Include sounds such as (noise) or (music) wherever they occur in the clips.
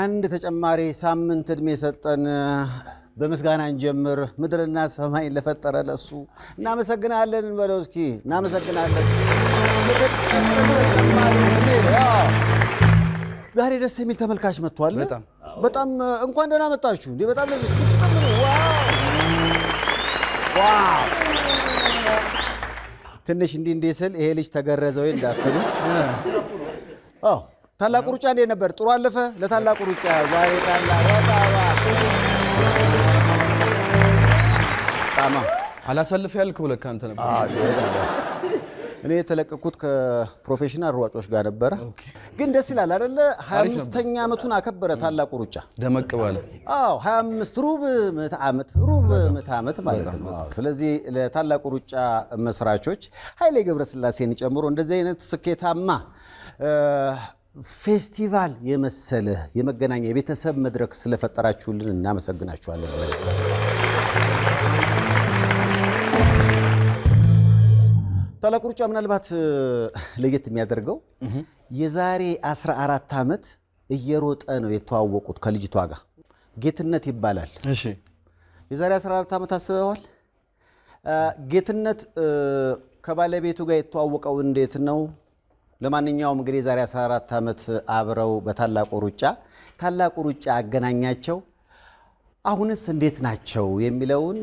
አንድ ተጨማሪ ሳምንት እድሜ የሰጠን በምስጋና እንጀምር። ምድርና ሰማይን ለፈጠረ ለሱ እናመሰግናለን እንበለው እስኪ። እናመሰግናለን። ዛሬ ደስ የሚል ተመልካች መጥቷል። በጣም እንኳን ደህና መጣችሁ። እንዲህ በጣም ትንሽ እንዲህ እንዲህ ስል ይሄ ልጅ ተገረዘው እንዳትሉ ታላቁ ሩጫ እንዴት ነበር? ጥሩ አለፈ? ለታላቁ ሩጫ ዛሬ አላሳልፍ ያልክ ብለህ አንተ ነበር። እኔ የተለቀኩት ከፕሮፌሽናል ሯጮች ጋር ነበረ። ግን ደስ ይላል አይደለ? 25ኛ ዓመቱን አከበረ ታላቁ ሩጫ ደመቅ ባለ። አዎ 25 ሩብ ምዕተ ዓመት ሩብ ምዕተ ዓመት ማለት ነው። ስለዚህ ለታላቁ ሩጫ መስራቾች ኃይሌ ገብረስላሴን ጨምሮ እንደዚህ አይነት ስኬታማ ፌስቲቫል የመሰለ የመገናኛ የቤተሰብ መድረክ ስለፈጠራችሁልን እናመሰግናችኋለን። ታላቁ ሩጫ ምናልባት ለየት የሚያደርገው የዛሬ 14 ዓመት እየሮጠ ነው የተዋወቁት ከልጅቷ ጋር ጌትነት ይባላል። የዛሬ 14 ዓመት አስበዋል። ጌትነት ከባለቤቱ ጋር የተዋወቀው እንዴት ነው? ለማንኛውም እንግዲህ የዛሬ 14 ዓመት አብረው በታላቁ ሩጫ ታላቁ ሩጫ አገናኛቸው አሁንስ እንዴት ናቸው የሚለውን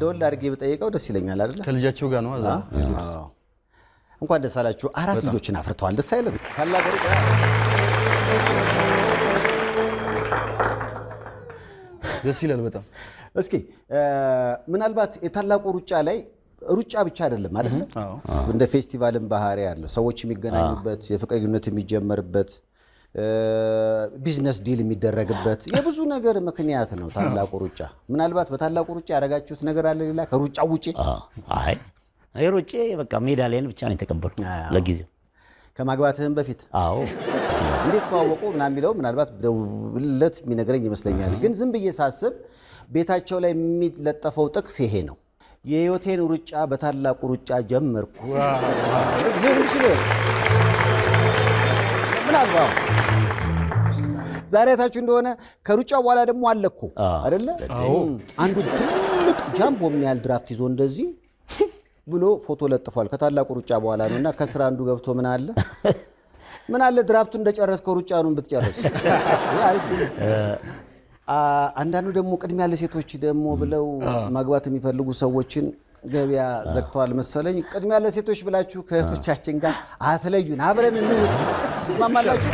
ደወል አድርጌ ብጠይቀው ደስ ይለኛል። አይደለ? ከልጃቸው ጋር ነው። እንኳን ደስ አላችሁ። አራት ልጆችን አፍርተዋል። ደስ አይለም? ታላቁ ሩጫ ደስ ይላል በጣም። እስኪ ምናልባት የታላቁ ሩጫ ላይ ሩጫ ብቻ አይደለም አይደለ? እንደ ፌስቲቫልም ባህሪ ያለው ሰዎች የሚገናኙበት የፍቅር ግንኙነት የሚጀመርበት ቢዝነስ ዲል የሚደረግበት የብዙ ነገር ምክንያት ነው ታላቁ ሩጫ። ምናልባት በታላቁ ሩጫ ያደረጋችሁት ነገር አለ ሌላ ከሩጫ ውጪ? አይ ሩጬ በቃ ሜዳሊያን ብቻ ነው የተቀበልኩ ለጊዜው ከማግባትህም በፊት እንዴት ተዋወቁ ምናምን የሚለው ምናልባት ደውለት የሚነግረኝ ይመስለኛል። ግን ዝም ብዬ ሳስብ ቤታቸው ላይ የሚለጠፈው ጥቅስ ይሄ ነው። የህይወቴን ሩጫ በታላቁ ሩጫ ጀመርኩ። ምናልባት ዛሬ ታችሁ እንደሆነ ከሩጫ በኋላ ደግሞ አለኩ አደለ? አንዱ ትልቅ ጃምቦ ምን ድራፍት ይዞ እንደዚህ ብሎ ፎቶ ለጥፏል። ከታላቁ ሩጫ በኋላ ነው እና ከስራ አንዱ ገብቶ ምን አለ ምን አለ ድራፍቱን እንደጨረስከው ሩጫ ነው ብትጨርስ አንዳንዱ ደግሞ ቅድሚያ ለሴቶች ደግሞ ብለው ማግባት የሚፈልጉ ሰዎችን ገበያ ዘግተዋል መሰለኝ። ቅድሚያ ለሴቶች ብላችሁ ከእህቶቻችን ጋር አትለዩን፣ አብረን እንውጥ። ትስማማላችሁ?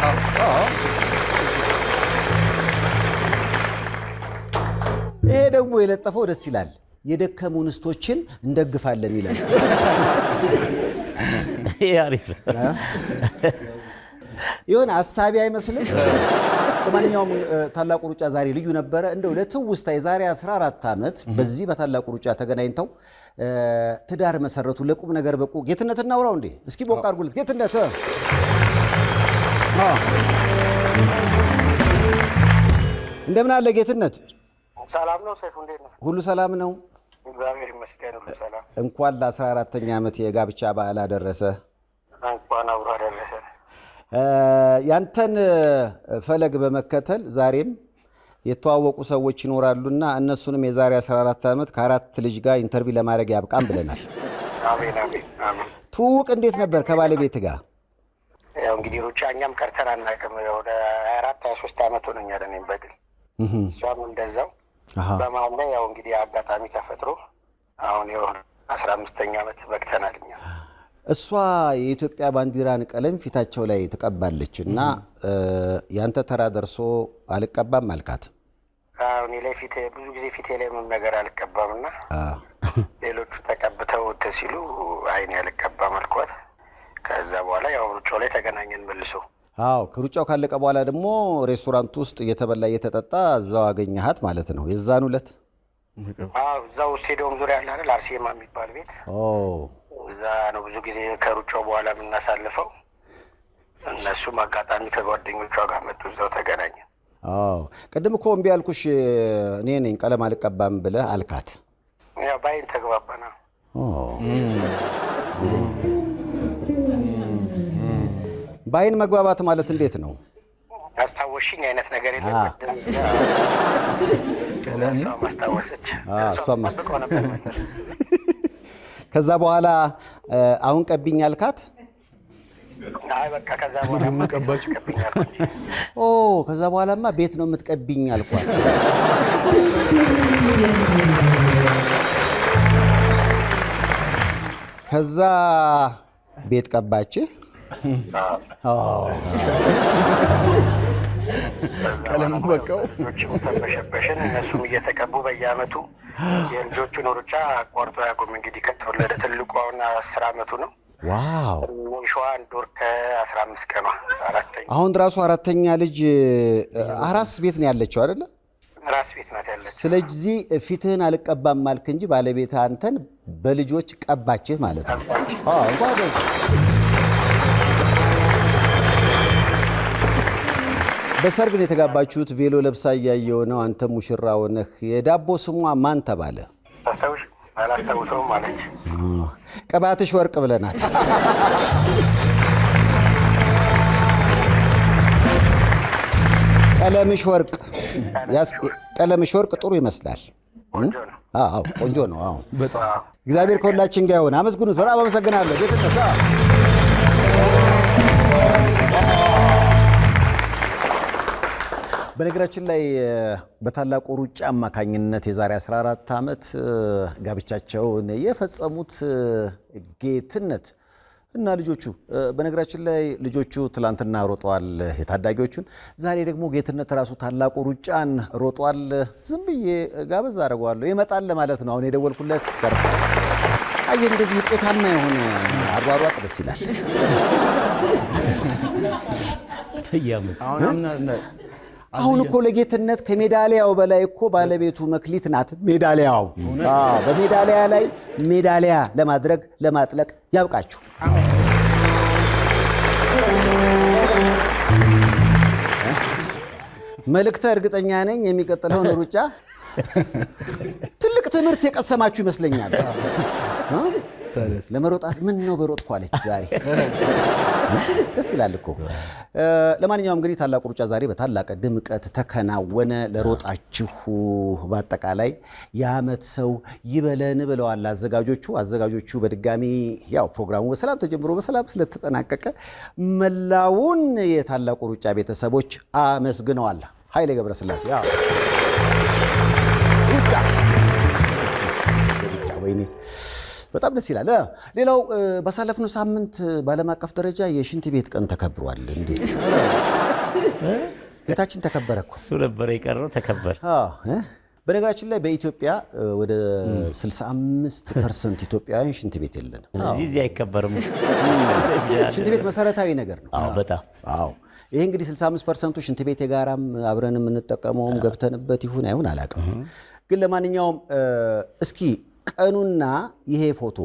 ይሄ ደግሞ የለጠፈው ደስ ይላል። የደከሙ እንስቶችን እንደግፋለን ይላል። የሆነ አሳቢ አይመስልም? ለማንኛውም ታላቁ ሩጫ ዛሬ ልዩ ነበረ። እንደው ለትውስታ የዛሬ 14 ዓመት በዚህ በታላቁ ሩጫ ተገናኝተው ትዳር መሰረቱ፣ ለቁም ነገር በቁ። ጌትነት እናውራው እንዴ እስኪ ሞቅ አድርጉለት ጌትነት። እንደምን አለ ጌትነት? ሰላም ነው ሰይፉ፣ እንዴት ነው ሁሉ? ሰላም ነው እግዚአብሔር ይመስገን፣ ሁሉ ሰላም። እንኳን ለ14ተኛ ዓመት የጋብቻ በዓል አደረሰ። እንኳን አብሮ አደረሰ። ያንተን ፈለግ በመከተል ዛሬም የተዋወቁ ሰዎች ይኖራሉና እነሱንም የዛሬ 14 ዓመት ከአራት ልጅ ጋር ኢንተርቪው ለማድረግ ያብቃም ብለናል። ትውውቅ እንዴት ነበር ከባለቤት ጋር? ያው እንግዲህ ሩጫ እኛም ቀርተን አናውቅም። ወደ ሀያ አራት ሀያ ሶስት ዓመት ሆነኛል እኔም በግል እሷም እንደዛው። በመሀል ላይ ያው እንግዲህ አጋጣሚ ተፈጥሮ አሁን የሆነ አስራ አምስተኛ አመት በቅተናል እኛ እሷ የኢትዮጵያ ባንዲራን ቀለም ፊታቸው ላይ ተቀባለች እና ያንተ ተራ ደርሶ አልቀባም አልካት። እኔ ላይ ፊቴ ብዙ ጊዜ ፊቴ ላይ ምንም ነገር አልቀባም እና ሌሎቹ ተቀብተው እንትን ሲሉ አይኔ አልቀባም አልኳት። ከዛ በኋላ ያው ሩጫው ላይ ተገናኘን መልሶ። አዎ ከሩጫው ካለቀ በኋላ ደግሞ ሬስቶራንት ውስጥ እየተበላ እየተጠጣ እዛው አገኘሃት ማለት ነው የዛን ዕለት እዛው ስቴዲየም ዙሪያ ያለ አርሴማ የሚባል ቤት እዛ ነው ብዙ ጊዜ ከሩጫው በኋላ የምናሳልፈው። እነሱም አጋጣሚ ከጓደኞቿ ጋር መጡ፣ እዛው ተገናኘ። አዎ ቅድም እኮ እምቢ አልኩሽ እኔ ነኝ ቀለም አልቀባም ብለህ አልካት። ያው ባይን ተግባባና በአይን መግባባት ማለት እንዴት ነው? አስታወሽኝ አይነት ነገር የለም። እሷም አስታወሰች። ከዛ በኋላ አሁን ቀቢኝ አልካት። ከዛ በኋላማ ቤት ነው የምትቀቢኝ አልኳት። ከዛ ቤት ቀባች? ቀለም በቀው ተንበሸበሸን። እነሱም እየተቀቡ በየአመቱ የልጆቹን ሩጫ አቋርጦ አያውቁም። እንግዲህ ከተወለደ ትልቁ አሁን አስር አመቱ ነው። ዋው ሸዋ አንድ ወር ከአስራ አምስት ቀኗ አራተኛ አሁን ራሱ አራተኛ ልጅ አራስ ቤት ነው ያለችው አይደለ? ራስ ቤት ናት ያለችው። ስለዚህ ፊትህን አልቀባም አልክ እንጂ ባለቤት አንተን በልጆች ቀባችህ ማለት ነው። በሰርግ ነው የተጋባችሁት። ቬሎ ለብሳ እያየው ነው። አንተ ሙሽራ ሆነህ። የዳቦ ስሟ ማን ተባለ? አላስታውሰውም አለች። ቅባትሽ ወርቅ ብለናት። ቀለምሽ ወርቅ ቀለምሽ ወርቅ ጥሩ ይመስላል። ቆንጆ ነው። እግዚአብሔር ከሁላችን ጋር ይሆን። አመስግኑት። በጣም አመሰግናለሁ። በነገራችን ላይ በታላቁ ሩጫ አማካኝነት የዛሬ 14 ዓመት ጋብቻቸውን የፈጸሙት ጌትነት እና ልጆቹ በነገራችን ላይ ልጆቹ ትላንትና ሮጠዋል የታዳጊዎቹን። ዛሬ ደግሞ ጌትነት ራሱ ታላቁ ሩጫን ሮጧል። ዝም ብዬ ጋበዝ አደርገዋለሁ ይመጣል ማለት ነው። አሁን የደወልኩለት አየ እንደዚህ ውጤታማ የሆነ አሯሯጥ ደስ ይላል። አሁን እኮ ለጌትነት ከሜዳሊያው በላይ እኮ ባለቤቱ መክሊት ናት። ሜዳሊያው በሜዳሊያ ላይ ሜዳሊያ ለማድረግ ለማጥለቅ ያብቃችሁ። መልእክተ እርግጠኛ ነኝ የሚቀጥለውን ሩጫ ትልቅ ትምህርት የቀሰማችሁ ይመስለኛል። ለመሮጣስ ምን ነው በሮጥኩ አለች ዛሬ። (laughs) ደስ ይላል እኮ። ለማንኛውም እንግዲህ ታላቁ ሩጫ ዛሬ በታላቅ ድምቀት ተከናወነ። ለሮጣችሁ በአጠቃላይ የአመት ሰው ይበለን ብለዋል አዘጋጆቹ። አዘጋጆቹ በድጋሚ ያው ፕሮግራሙ በሰላም ተጀምሮ በሰላም ስለተጠናቀቀ መላውን የታላቁ ሩጫ ቤተሰቦች አመስግነዋል። ኃይሌ ገብረስላሴ ሩጫ ወይኔ በጣም ደስ ይላል። ሌላው ባሳለፍነው ሳምንት በዓለም አቀፍ ደረጃ የሽንት ቤት ቀን ተከብሯል። እንዴ ቤታችን ተከበረ እኮ እሱ ነበረ የቀረው ተከበረ። በነገራችን ላይ በኢትዮጵያ ወደ 65 ፐርሰንት ኢትዮጵያውያን ሽንት ቤት የለንም። እዚህ እዚህ አይከበርም። ሽንት ቤት መሰረታዊ ነገር ነው። አዎ በጣም አዎ። ይሄ እንግዲህ 65 ፐርሰንቱ ሽንት ቤት የጋራም አብረን የምንጠቀመውም ገብተንበት ይሁን አይሁን አላውቅም። ግን ለማንኛውም እስኪ ቀኑና ይሄ ፎቶ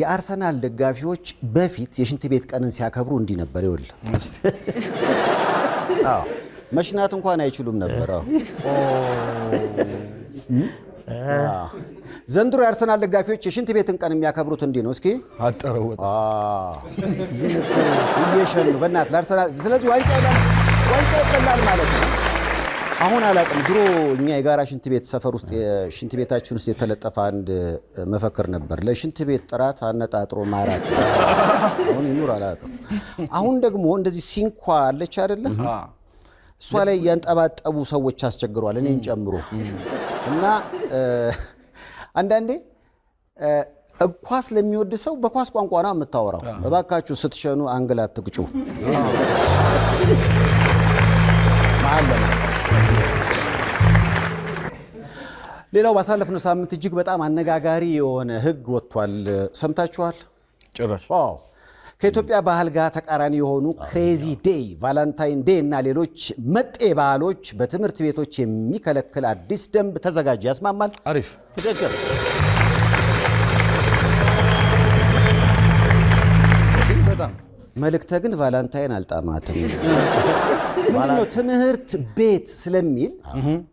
የአርሰናል ደጋፊዎች በፊት የሽንት ቤት ቀንን ሲያከብሩ እንዲህ ነበር። ይወል መሽናት እንኳን አይችሉም ነበረ። ዘንድሮ የአርሰናል ደጋፊዎች የሽንት ቤትን ቀን የሚያከብሩት እንዲህ ነው። እስኪ አጠረው እየሸኑ በእናትህ ለአርሰናል። ስለዚህ ዋንጫ ቀላል ማለት ነው። አሁን አላውቅም። ድሮ እኛ የጋራ ሽንት ቤት ሰፈር ውስጥ ሽንት ቤታችን ውስጥ የተለጠፈ አንድ መፈክር ነበር፣ ለሽንት ቤት ጥራት አነጣጥሮ ማራት። አሁን ይኑር አላውቅም። አሁን ደግሞ እንደዚህ ሲንኳ አለች አይደለ? እሷ ላይ እያንጠባጠቡ ሰዎች አስቸግሯል፣ እኔን ጨምሮ እና አንዳንዴ ኳስ ለሚወድ ሰው በኳስ ቋንቋ ነው የምታወራው። እባካችሁ ስትሸኑ አንግል አትግጩ። ሌላው ባሳለፍነው ሳምንት እጅግ በጣም አነጋጋሪ የሆነ ህግ ወጥቷል። ሰምታችኋል? ጭራሽ ከኢትዮጵያ ባህል ጋር ተቃራኒ የሆኑ ክሬዚ ዴይ፣ ቫላንታይን ዴይ እና ሌሎች መጤ ባህሎች በትምህርት ቤቶች የሚከለክል አዲስ ደንብ ተዘጋጀ። ያስማማል። አሪፍ ትክክል መልእክተ ግን ቫላንታይን አልጣማትም። ምንድነው ትምህርት ቤት ስለሚል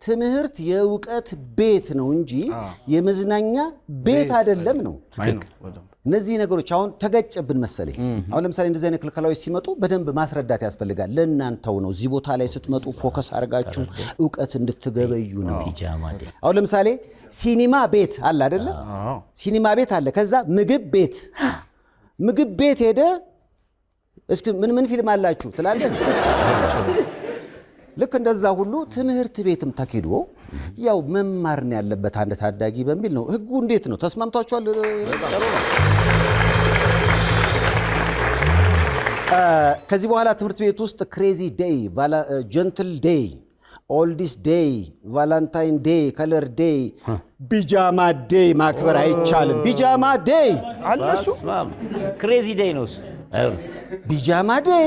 ትምህርት የእውቀት ቤት ነው እንጂ የመዝናኛ ቤት አይደለም ነው። እነዚህ ነገሮች አሁን ተገጨብን መሰለኝ። አሁን ለምሳሌ እንደዚህ አይነት ክልከላዎች ሲመጡ በደንብ ማስረዳት ያስፈልጋል። ለእናንተው ነው፣ እዚህ ቦታ ላይ ስትመጡ ፎከስ አድርጋችሁ እውቀት እንድትገበዩ ነው። አሁን ለምሳሌ ሲኒማ ቤት አለ አይደለ? ሲኒማ ቤት አለ። ከዛ ምግብ ቤት ምግብ ቤት ሄደ እስኪ ምን ምን ፊልም አላችሁ ትላለህ። ልክ እንደዛ ሁሉ ትምህርት ቤትም ተኪዶ ያው መማር ነው ያለበት አንድ ታዳጊ በሚል ነው። ህጉ እንዴት ነው? ተስማምቷችኋል? ከዚህ በኋላ ትምህርት ቤት ውስጥ ክሬዚ ዴይ፣ ጀንትል ዴይ፣ ኦልዲስ ዴይ፣ ቫላንታይን ዴይ፣ ከለር ዴይ፣ ቢጃማ ዴይ ማክበር አይቻልም። ቢጃማ ዴይ አለሱ ክሬዚ ዴይ ነው። ቢጃማ ደይ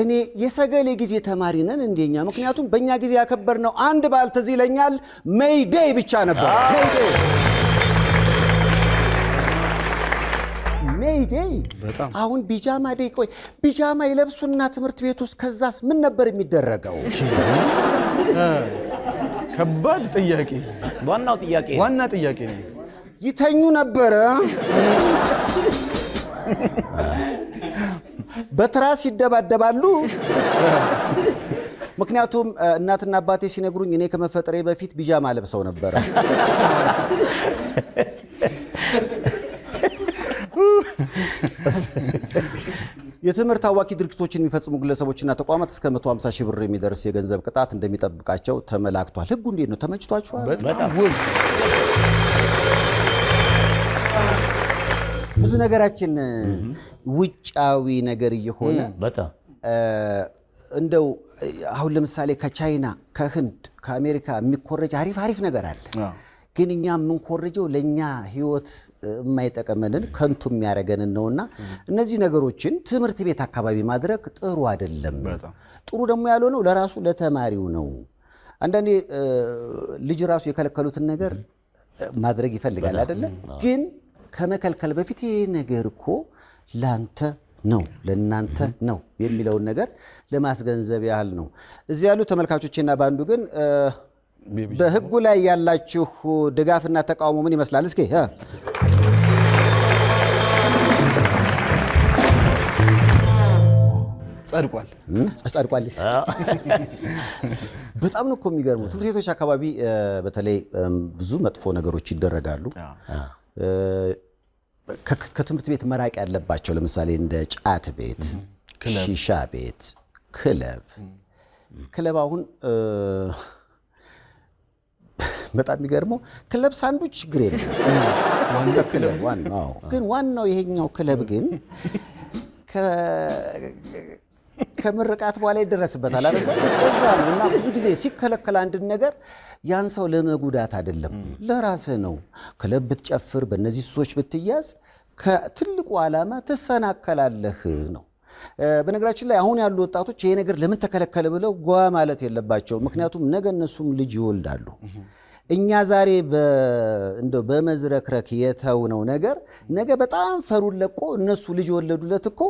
እኔ የሰገሌ ጊዜ ተማሪ ነን እንደኛ። ምክንያቱም በእኛ ጊዜ ያከበርነው አንድ በዓል ትዝ ይለኛል፣ ሜይዴይ ብቻ ነበር። ሜይዴይ አሁን ቢጃማ ደይ። ቆይ ቢጃማ ይለብሱና ትምህርት ቤት ውስጥ ከዛስ ምን ነበር የሚደረገው? ከባድ ጥያቄ። ዋናው ጥያቄ ዋና ጥያቄ ይተኙ ነበረ በትራስ ይደባደባሉ። ምክንያቱም እናትና አባቴ ሲነግሩኝ እኔ ከመፈጠሬ በፊት ቢጃማ ለብሰው ነበረ። የትምህርት አዋኪ ድርጊቶችን የሚፈጽሙ ግለሰቦችና ተቋማት እስከ 150 ሺህ ብር የሚደርስ የገንዘብ ቅጣት እንደሚጠብቃቸው ተመላክቷል። ህጉ እንዴት ነው? ተመችቷችኋል? ብዙ ነገራችን ውጫዊ ነገር እየሆነ በጣም እንደው አሁን ለምሳሌ ከቻይና ከህንድ ከአሜሪካ የሚኮረጅ አሪፍ አሪፍ ነገር አለ። ግን እኛ የምንኮርጀው ለእኛ ህይወት የማይጠቀመንን ከንቱ የሚያደርገንን ነውና እነዚህ ነገሮችን ትምህርት ቤት አካባቢ ማድረግ ጥሩ አይደለም። ጥሩ ደግሞ ያልሆነው ለራሱ ለተማሪው ነው። አንዳንዴ ልጅ ራሱ የከለከሉትን ነገር ማድረግ ይፈልጋል አይደለም ግን ከመከልከል በፊት ይህ ነገር እኮ ላንተ ነው ለእናንተ ነው የሚለውን ነገር ለማስገንዘብ ያህል ነው። እዚህ ያሉ ተመልካቾችና በአንዱ ግን በህጉ ላይ ያላችሁ ድጋፍና ተቃውሞ ምን ይመስላል? እስኪ ጸድቋል ጸድቋል። በጣም ነው እኮ የሚገርሙ ትምህርት ቤቶች አካባቢ በተለይ ብዙ መጥፎ ነገሮች ይደረጋሉ። ከትምህርት ቤት መራቅ ያለባቸው ለምሳሌ እንደ ጫት ቤት፣ ሺሻ ቤት፣ ክለብ ክለብ አሁን በጣም የሚገርመው ክለብ ሳንዱች ችግር የለም። ግን ዋናው ይሄኛው ክለብ ግን ከምርቃት በኋላ ይደረስበታል አይደል? እዛ ነው እና ብዙ ጊዜ ሲከለከል አንድን ነገር ያን ሰው ለመጉዳት አይደለም፣ ለራስህ ነው። ክለብ ብትጨፍር፣ በእነዚህ ሱሶች ብትያዝ ከትልቁ ዓላማ ትሰናከላለህ ነው። በነገራችን ላይ አሁን ያሉ ወጣቶች ይሄ ነገር ለምን ተከለከለ ብለው ጓ ማለት የለባቸው። ምክንያቱም ነገ እነሱም ልጅ ይወልዳሉ። እኛ ዛሬ እንደው በመዝረክረክ የተውነው ነገር ነገ በጣም ፈሩን ለቆ እነሱ ልጅ ወለዱለት እኮ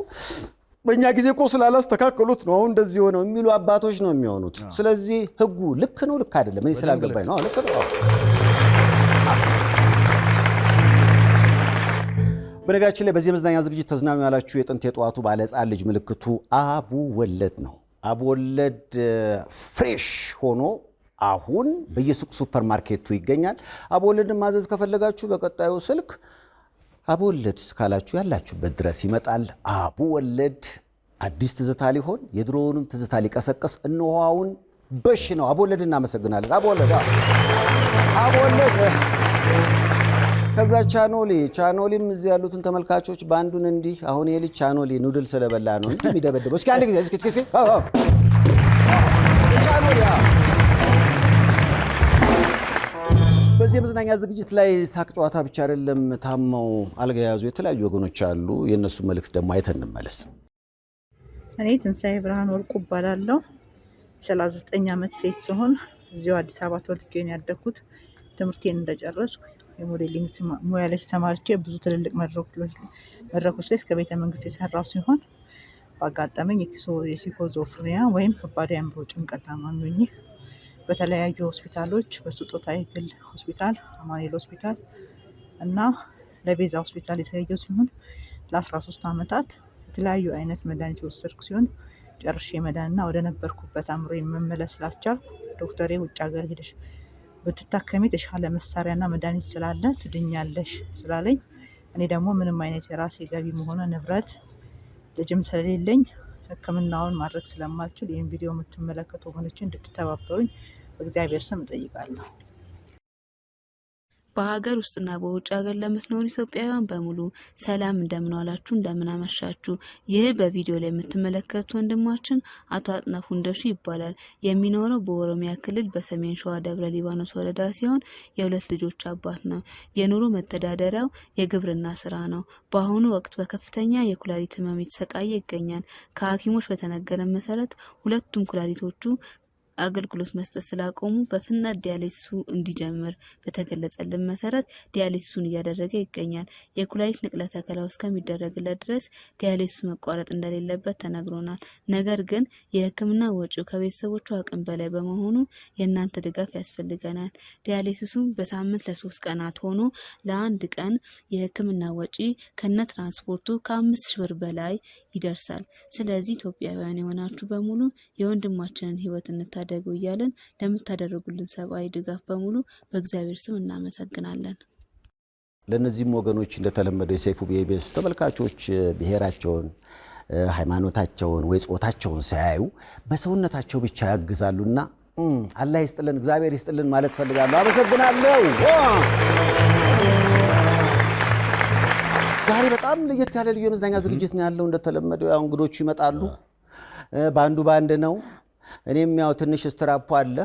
በእኛ ጊዜ እኮ ስላላስተካከሉት ነው እንደዚህ የሆነው የሚሉ አባቶች ነው የሚሆኑት። ስለዚህ ህጉ ልክ ነው ልክ አይደለም እኔ ስላልገባኝ ነው። ልክ ነው። በነገራችን ላይ በዚህ መዝናኛ ዝግጅት ተዝናኙ ያላችሁ የጥንት የጠዋቱ ባለሕፃን ልጅ ምልክቱ አቡ ወለድ ነው። አቡ ወለድ ፍሬሽ ሆኖ አሁን በየሱቅ ሱፐር ማርኬቱ ይገኛል። አቡ ወለድን ማዘዝ ከፈለጋችሁ በቀጣዩ ስልክ አቡ ወለድ ካላችሁ ያላችሁበት ድረስ ይመጣል። አቡ ወለድ አዲስ ትዝታ ሊሆን የድሮውንም ትዝታ ሊቀሰቀስ እነሆ በሽ ነው። አቡ ወለድ እናመሰግናለን። አቡ ወለድ አቡ ወለድ ከዛ ቻኖሊ ቻኖሊም እዚህ ያሉትን ተመልካቾች በአንዱን እንዲህ አሁን የልጅ ቻኖሊ ኑድል ስለበላ ነው እንዲህ የሚደበድበው። እስኪ አንድ ጊዜ እስኪ እስኪ በዚህ የመዝናኛ ዝግጅት ላይ ሳቅ ጨዋታ ብቻ አይደለም። ታመው አልጋ የያዙ የተለያዩ ወገኖች አሉ። የእነሱ መልእክት ደግሞ አይተን እንመለስ። እኔ ትንሣኤ ብርሃን ወርቁ እባላለሁ። ሰላሳ ዘጠኝ ዓመት ሴት ሲሆን እዚሁ አዲስ አበባ ተወልጄ ነው ያደግኩት። ትምህርቴን እንደጨረስኩ የሞዴሊንግ ሙያ ላይ ተሰማርቼ ብዙ ትልልቅ መድረኮች ላይ እስከ ቤተ መንግስት የሰራው ሲሆን በአጋጣሚ የሲኮዞፍሪያ ወይም ከባድ የአእምሮ ጭንቀት ታማሚ በተለያዩ ሆስፒታሎች በስጦታ የግል ሆስፒታል፣ አማኑኤል ሆስፒታል እና ለቤዛ ሆስፒታል የተለየው ሲሆን ለ13 ዓመታት የተለያዩ አይነት መድኃኒት የወሰድኩ ሲሆን ጨርሼ መዳንና ወደ ነበርኩበት አእምሮዬን መመለስ ስላልቻልኩ ዶክተሬ ውጭ ሀገር ሄደሽ ብትታከሚ የተሻለ መሳሪያና መድኃኒት ስላለ ትድኛለሽ ስላለኝ እኔ ደግሞ ምንም አይነት የራሴ ገቢ መሆነ ንብረት ልጅም ስለሌለኝ ሕክምናውን ማድረግ ስለማልችል ይህን ቪዲዮ የምትመለከቱ ወገኖች እንድትተባበሩኝ በእግዚአብሔር ስም እጠይቃለሁ። በሀገር ውስጥና በውጭ ሀገር ለምትኖሩ ኢትዮጵያውያን በሙሉ ሰላም፣ እንደምን ዋላችሁ፣ እንደምን አመሻችሁ። ይህ በቪዲዮ ላይ የምትመለከቱት ወንድማችን አቶ አጥነፉ እንደሹ ይባላል። የሚኖረው በኦሮሚያ ክልል በሰሜን ሸዋ ደብረ ሊባኖስ ወረዳ ሲሆን የሁለት ልጆች አባት ነው። የኑሮ መተዳደሪያው የግብርና ስራ ነው። በአሁኑ ወቅት በከፍተኛ የኩላሊት ህመም የተሰቃየ ይገኛል። ከሐኪሞች በተነገረ መሰረት ሁለቱም ኩላሊቶቹ አገልግሎት መስጠት ስላቆሙ በፍጥነት ዲያሊሱ እንዲጀምር በተገለጸልን መሰረት ዲያሊሱን እያደረገ ይገኛል። የኩላሊት ንቅለ ተከላ እስከሚደረግለት ድረስ ዲያሊሱ መቋረጥ እንደሌለበት ተነግሮናል። ነገር ግን የሕክምና ወጪው ከቤተሰቦቹ አቅም በላይ በመሆኑ የእናንተ ድጋፍ ያስፈልገናል። ዲያሊሲሱም በሳምንት ለሶስት ቀናት ሆኖ ለአንድ ቀን የሕክምና ወጪ ከነ ትራንስፖርቱ ከአምስት ሺህ ብር በላይ ይደርሳል። ስለዚህ ኢትዮጵያውያን የሆናችሁ በሙሉ የወንድማችንን ህይወት እንታደ ታደጉ እያለን ለምታደርጉልን ሰብአዊ ድጋፍ በሙሉ በእግዚአብሔር ስም እናመሰግናለን። ለእነዚህም ወገኖች እንደተለመደው የሰይፉ ኢቢኤስ ተመልካቾች ብሔራቸውን ሃይማኖታቸውን ወይ ጾታቸውን ሳያዩ በሰውነታቸው ብቻ ያግዛሉና አላህ ይስጥልን፣ እግዚአብሔር ይስጥልን ማለት ፈልጋለሁ። አመሰግናለሁ። ዛሬ በጣም ለየት ያለ ልዩ የመዝናኛ ዝግጅት ነው ያለው። እንደተለመደው ያው እንግዶቹ ይመጣሉ። በአንዱ በአንድ ነው እኔም ያው ትንሽ ስትራፖ አለ፣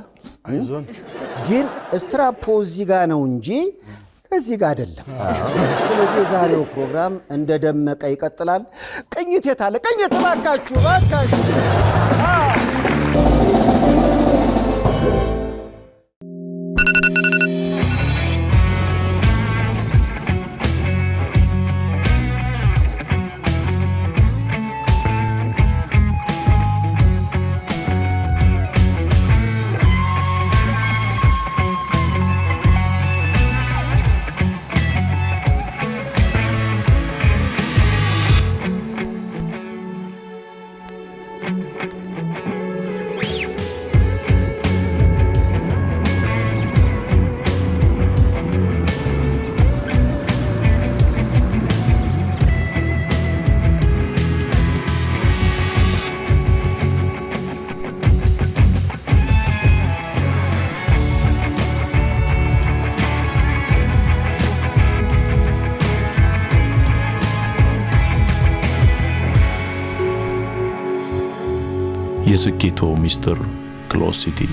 ግን ስትራፖ እዚህ ጋር ነው እንጂ እዚህ ጋር አይደለም። ስለዚህ የዛሬው ፕሮግራም እንደ ደመቀ ይቀጥላል። ቅኝት የታለ? ቅኝት ባካችሁ፣ ባካችሁ thank you የስኬቶ ሚስጥር ክሎሲቲ